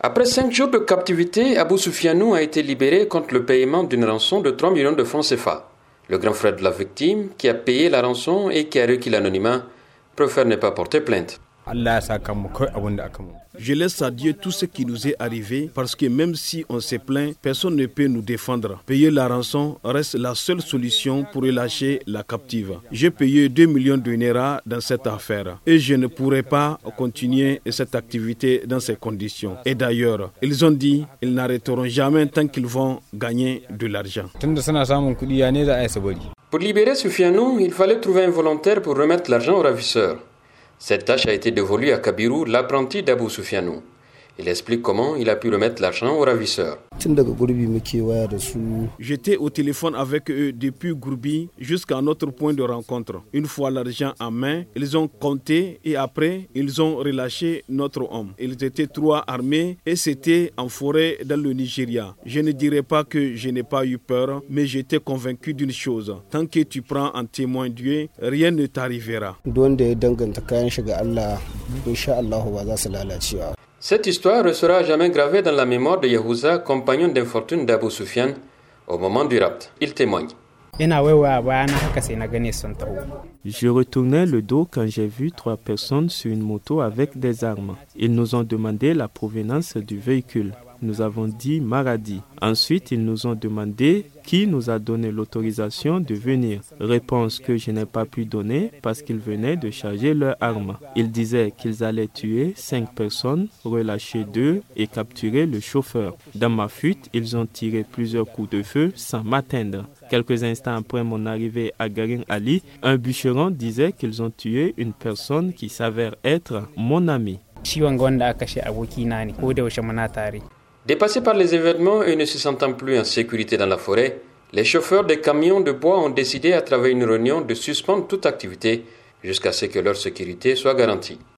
Après cinq jours de captivité, Abou Soufianou a été libéré contre le paiement d'une rançon de 3 millions de francs CFA. Le grand frère de la victime, qui a payé la rançon et qui a requis l'anonymat, préfère ne pas porter plainte. Je laisse à Dieu tout ce qui nous est arrivé parce que même si on se plaint, personne ne peut nous défendre. Payer la rançon reste la seule solution pour relâcher la captive. J'ai payé 2 millions de Nera dans cette affaire et je ne pourrai pas continuer cette activité dans ces conditions. Et d'ailleurs, ils ont dit qu'ils n'arrêteront jamais tant qu'ils vont gagner de l'argent. Pour libérer Sufianou, il fallait trouver un volontaire pour remettre l'argent au ravisseur. Cette tâche a été dévolue à Kabiru, l'apprenti d'Abou Soufianou. Il explique comment il a pu remettre l'argent au ravisseur. J'étais au téléphone avec eux depuis Gourbi jusqu'à notre point de rencontre. Une fois l'argent en main, ils ont compté et après, ils ont relâché notre homme. Ils étaient trois armés et c'était en forêt dans le Nigeria. Je ne dirais pas que je n'ai pas eu peur, mais j'étais convaincu d'une chose. Tant que tu prends en témoin Dieu, rien ne t'arrivera. Cette histoire ne sera jamais gravée dans la mémoire de Yahouza, compagnon d'infortune d'Abu Soufiane, au moment du rapt. Il témoigne. Je retournais le dos quand j'ai vu trois personnes sur une moto avec des armes. Ils nous ont demandé la provenance du véhicule nous avons dit Maradi. Ensuite, ils nous ont demandé qui nous a donné l'autorisation de venir. Réponse que je n'ai pas pu donner parce qu'ils venaient de charger leurs armes. Ils disaient qu'ils allaient tuer cinq personnes, relâcher deux et capturer le chauffeur. Dans ma fuite, ils ont tiré plusieurs coups de feu sans m'atteindre. Quelques instants après mon arrivée à Garin Ali, un bûcheron disait qu'ils ont tué une personne qui s'avère être mon ami. Dépassés par les événements et ne se sentant plus en sécurité dans la forêt, les chauffeurs des camions de bois ont décidé à travers une réunion de suspendre toute activité jusqu'à ce que leur sécurité soit garantie.